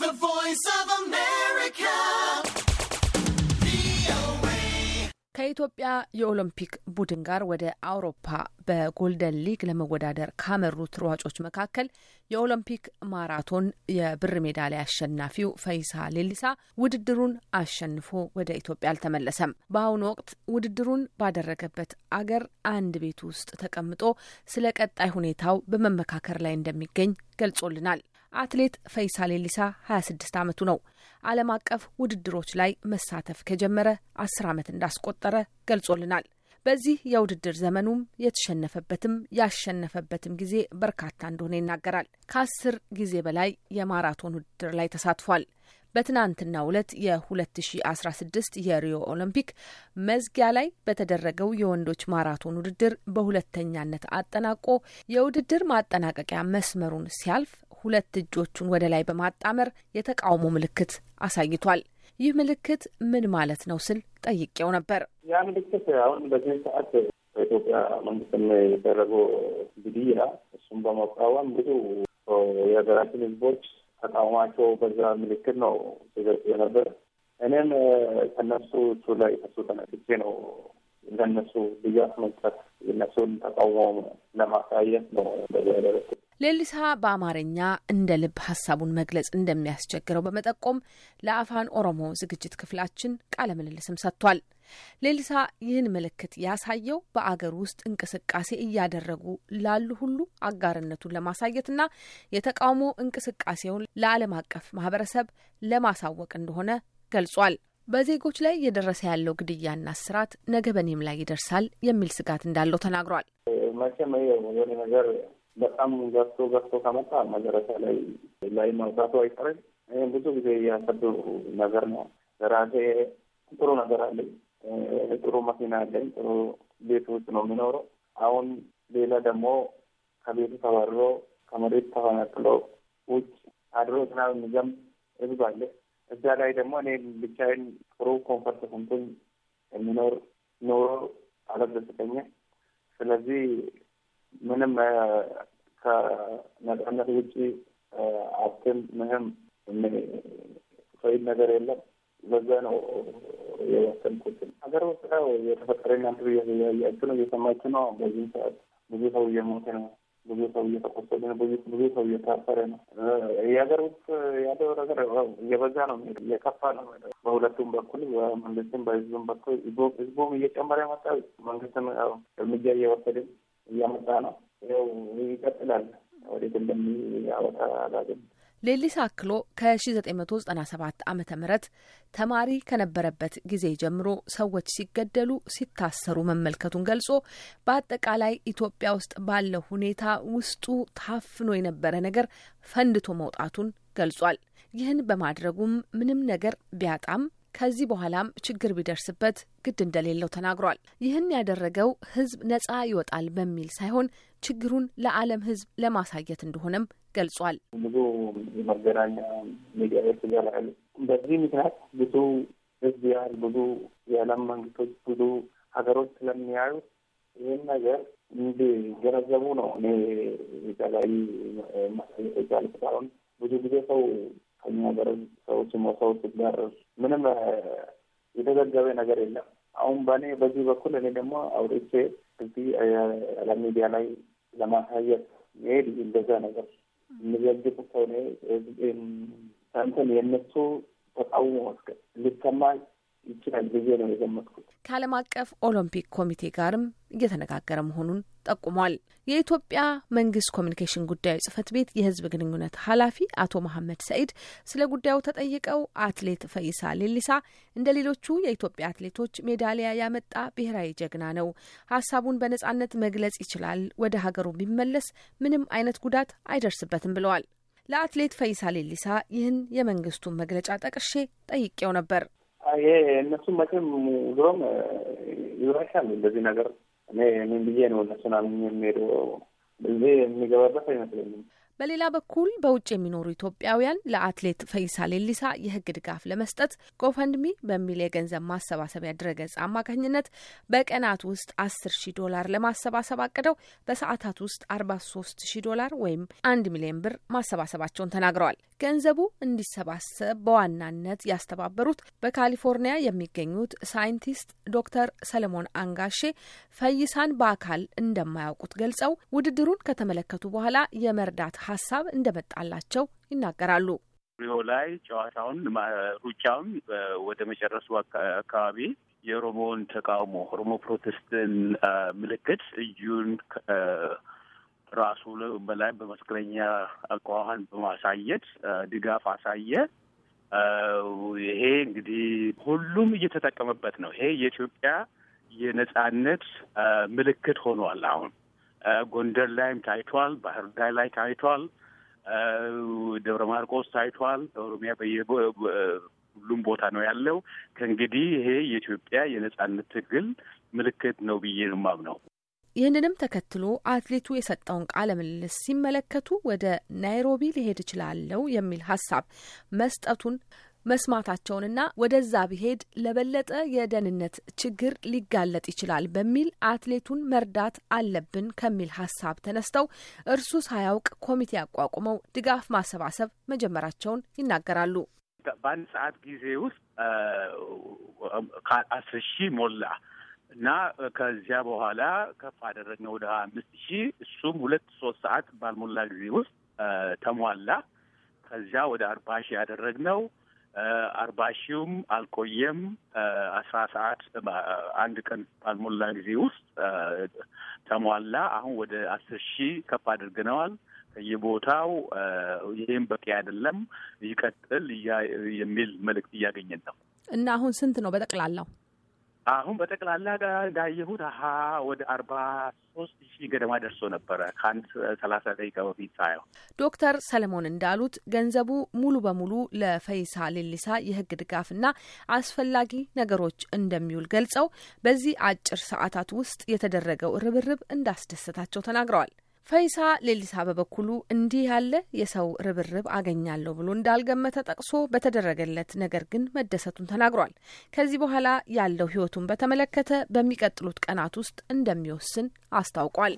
The Voice of America. ከኢትዮጵያ የኦሎምፒክ ቡድን ጋር ወደ አውሮፓ በጎልደን ሊግ ለመወዳደር ካመሩት ሯጮች መካከል የኦሎምፒክ ማራቶን የብር ሜዳሊያ አሸናፊው ፈይሳ ሌሊሳ ውድድሩን አሸንፎ ወደ ኢትዮጵያ አልተመለሰም። በአሁኑ ወቅት ውድድሩን ባደረገበት አገር አንድ ቤት ውስጥ ተቀምጦ ስለ ቀጣይ ሁኔታው በመመካከር ላይ እንደሚገኝ ገልጾልናል። አትሌት ፈይሳ ሌሊሳ 26 ዓመቱ ነው። ዓለም አቀፍ ውድድሮች ላይ መሳተፍ ከጀመረ 10 ዓመት እንዳስቆጠረ ገልጾልናል። በዚህ የውድድር ዘመኑም የተሸነፈበትም ያሸነፈበትም ጊዜ በርካታ እንደሆነ ይናገራል። ከአስር ጊዜ በላይ የማራቶን ውድድር ላይ ተሳትፏል። በትናንትናው ዕለት የ2016 የሪዮ ኦሎምፒክ መዝጊያ ላይ በተደረገው የወንዶች ማራቶን ውድድር በሁለተኛነት አጠናቆ የውድድር ማጠናቀቂያ መስመሩን ሲያልፍ ሁለት እጆቹን ወደ ላይ በማጣመር የተቃውሞ ምልክት አሳይቷል። ይህ ምልክት ምን ማለት ነው ስል ጠይቄው ነበር። ያ ምልክት አሁን በዚህ ሰዓት በኢትዮጵያ መንግስትም የሚደረገው ግድያ እሱም በመቃወም ብዙ የሀገራችን ህዝቦች ተቃውሟቸው በዛ ምልክት ነው ሲገልጽ የነበር። እኔም ከነሱ ላይ ከሱ ተነስቼ ነው ለነሱ ድጋፍ መስጠት የነሱን ተቃውሞ ለማሳየት ነው በዚ ያደረኩት። ሌሊሳ በአማርኛ እንደ ልብ ሀሳቡን መግለጽ እንደሚያስቸግረው በመጠቆም ለአፋን ኦሮሞ ዝግጅት ክፍላችን ቃለ ምልልስም ሰጥቷል። ሌሊሳ ይህን ምልክት ያሳየው በአገር ውስጥ እንቅስቃሴ እያደረጉ ላሉ ሁሉ አጋርነቱን ለማሳየትና የተቃውሞ እንቅስቃሴውን ለዓለም አቀፍ ማህበረሰብ ለማሳወቅ እንደሆነ ገልጿል። በዜጎች ላይ እየደረሰ ያለው ግድያና እስራት ነገ በኔም ላይ ይደርሳል የሚል ስጋት እንዳለው ተናግሯል። መቼም የሆነ ነገር በጣም ገብቶ ገብቶ ከመጣ መጨረሻ ላይ ላይ መውጣቱ አይቀርም። ይህ ብዙ ጊዜ እያሰዱ ነገር ነው። ራሴ ጥሩ ነገር አለኝ፣ ጥሩ መኪና አለኝ፣ ጥሩ ቤት ውስጥ ነው የሚኖረው። አሁን ሌላ ደግሞ ከቤቱ ተባርሮ ከመሬት ተፈናቅሎ ውጭ አድሮ ዝናብ የሚዘንብ ህዝብ አለ። እዛ ላይ ደግሞ እኔ ብቻዬን ጥሩ ኮንፈርት ሁንቱን የሚኖር ኖሮ አለበስተኛ ስለዚህ ምንም ከነጻነት ውጭ አብትም ምንም ሰይድ ነገር የለም። በዛ ነው የወሰንኩት። ሀገር ውስጥ ያው የተፈጠረ እናንተ እያያችሁ ነው፣ እየሰማችሁ ነው። በዚህ ሰዓት ብዙ ሰው እየሞተ ነው፣ ብዙ ሰው እየተቆሰለ ነው፣ ብዙ ሰው እየታፈረ ነው። የሀገር ውስጥ ያለው ነገር እየበዛ ነው፣ እየከፋ ነው። በሁለቱም በኩል በመንግስትም በህዝብም በኩል ህዝቡም እየጨመረ መጣ፣ መንግስትም እርምጃ እየወሰድም እያመጣ ነው። ያው ይቀጥላል። ወዴት እንደሚያወጣ አላገኝም። ሌሊስ አክሎ ከ1997 ዓ ም ተማሪ ከነበረበት ጊዜ ጀምሮ ሰዎች ሲገደሉ፣ ሲታሰሩ መመልከቱን ገልጾ በአጠቃላይ ኢትዮጵያ ውስጥ ባለው ሁኔታ ውስጡ ታፍኖ የነበረ ነገር ፈንድቶ መውጣቱን ገልጿል። ይህን በማድረጉም ምንም ነገር ቢያጣም ከዚህ በኋላም ችግር ቢደርስበት ግድ እንደሌለው ተናግሯል። ይህን ያደረገው ህዝብ ነጻ ይወጣል በሚል ሳይሆን ችግሩን ለዓለም ህዝብ ለማሳየት እንደሆነም ገልጿል። ብዙ የመገናኛ ሚዲያዎች ይገባሉ። በዚህ ምክንያት ብዙ ህዝብ ያህል ብዙ የዓለም መንግስቶች ብዙ ሀገሮች ስለሚያዩት ይህን ነገር እንዲገነዘቡ ነው። እኔ የተለያዩ ብዙ ጊዜ ሰው ከኛ ገረብ ሰዎች ሞተው ሲጋረብ ምንም የተዘገበ ነገር የለም። አሁን በእኔ በዚህ በኩል እኔ ደግሞ አውርቼ እዚህ ለሚዲያ ላይ ለማሳየት መሄድ እንደዛ ነገር የሚዘግቡ ከሆነ እንትን የእነሱ ተቃውሞ መስገ ሊሰማ ይችላል ብዬ ነው የገመትኩት። ከዓለም አቀፍ ኦሎምፒክ ኮሚቴ ጋርም እየተነጋገረ መሆኑን ጠቁሟል። የኢትዮጵያ መንግስት ኮሚኒኬሽን ጉዳዮች ጽህፈት ቤት የህዝብ ግንኙነት ኃላፊ አቶ መሐመድ ሰኢድ ስለ ጉዳዩ ተጠይቀው አትሌት ፈይሳ ሌሊሳ እንደ ሌሎቹ የኢትዮጵያ አትሌቶች ሜዳሊያ ያመጣ ብሔራዊ ጀግና ነው፣ ሀሳቡን በነጻነት መግለጽ ይችላል፣ ወደ ሀገሩ ቢመለስ ምንም አይነት ጉዳት አይደርስበትም ብለዋል። ለአትሌት ፈይሳ ሌሊሳ ይህን የመንግስቱን መግለጫ ጠቅሼ ጠይቄው ነበር። ይሄ እነሱም መቼም ድሮም ይበረሻል እንደዚህ ነገር እኔ ምን ብዬ ነው እነሱን አምኜ የሚሄደው እዚህ የሚገባበት አይመስለኝም። በሌላ በኩል በውጭ የሚኖሩ ኢትዮጵያውያን ለአትሌት ፈይሳ ሌሊሳ የህግ ድጋፍ ለመስጠት ጎፈንድሚ በሚል የገንዘብ ማሰባሰቢያ ድረገጽ አማካኝነት በቀናት ውስጥ አስር ሺ ዶላር ለማሰባሰብ አቅደው በሰዓታት ውስጥ አርባ ሶስት ሺ ዶላር ወይም አንድ ሚሊዮን ብር ማሰባሰባቸውን ተናግረዋል። ገንዘቡ እንዲሰባሰብ በዋናነት ያስተባበሩት በካሊፎርኒያ የሚገኙት ሳይንቲስት ዶክተር ሰለሞን አንጋሼ ፈይሳን በአካል እንደማያውቁት ገልጸው ውድድሩን ከተመለከቱ በኋላ የመርዳት ሀሳብ እንደመጣላቸው ይናገራሉ። ሪዮ ላይ ጨዋታውን ሩጫውን ወደ መጨረሱ አካባቢ የኦሮሞን ተቃውሞ ኦሮሞ ፕሮቴስትን ምልክት እጁን ራሱ በላይ በመስቀለኛ አቋዋን በማሳየት ድጋፍ አሳየ። ይሄ እንግዲህ ሁሉም እየተጠቀመበት ነው። ይሄ የኢትዮጵያ የነጻነት ምልክት ሆኗል አሁን ጎንደር ላይም ታይቷል። ባህር ዳር ላይ ታይቷል። ደብረ ማርቆስ ታይቷል። በኦሮሚያ ሁሉም ቦታ ነው ያለው። ከእንግዲህ ይሄ የኢትዮጵያ የነጻነት ትግል ምልክት ነው ብዬ ነው የማምነው። ይህንንም ተከትሎ አትሌቱ የሰጠውን ቃለ ምልልስ ሲመለከቱ ወደ ናይሮቢ ሊሄድ እችላለሁ የሚል ሀሳብ መስጠቱን መስማታቸውንና ወደዛ ብሄድ ለበለጠ የደህንነት ችግር ሊጋለጥ ይችላል በሚል አትሌቱን መርዳት አለብን ከሚል ሀሳብ ተነስተው እርሱ ሳያውቅ ኮሚቴ አቋቁመው ድጋፍ ማሰባሰብ መጀመራቸውን ይናገራሉ። በአንድ ሰዓት ጊዜ ውስጥ አስር ሺህ ሞላ እና ከዚያ በኋላ ከፍ አደረግነው ወደ ሀያ አምስት ሺህ እሱም ሁለት ሶስት ሰዓት ባልሞላ ጊዜ ውስጥ ተሟላ። ከዚያ ወደ አርባ ሺህ ያደረግነው አርባ ሺውም አልቆየም። አስራ ሰዓት አንድ ቀን ባልሞላ ጊዜ ውስጥ ተሟላ። አሁን ወደ አስር ሺህ ከፍ አድርገነዋል ከየቦታው። ይህም በቂ አይደለም፣ ይቀጥል የሚል መልእክት እያገኘን ነው እና አሁን ስንት ነው በጠቅላላው? አሁን በጠቅላላ ጋየሁት ሀ ወደ አርባ ሶስት ሺህ ገደማ ደርሶ ነበረ ከአንድ ሰላሳ ደቂቃ በፊት ሳየው። ዶክተር ሰለሞን እንዳሉት ገንዘቡ ሙሉ በሙሉ ለፈይሳ ሌሊሳ ድጋፍ ድጋፍና አስፈላጊ ነገሮች እንደሚውል ገልጸው በዚህ አጭር ሰዓታት ውስጥ የተደረገው ርብርብ እንዳስደሰታቸው ተናግረዋል። ፈይሳ ሌሊሳ በበኩሉ እንዲህ ያለ የሰው ርብርብ አገኛለሁ ብሎ እንዳልገመተ ጠቅሶ በተደረገለት ነገር ግን መደሰቱን ተናግሯል። ከዚህ በኋላ ያለው ሕይወቱን በተመለከተ በሚቀጥሉት ቀናት ውስጥ እንደሚወስን አስታውቋል።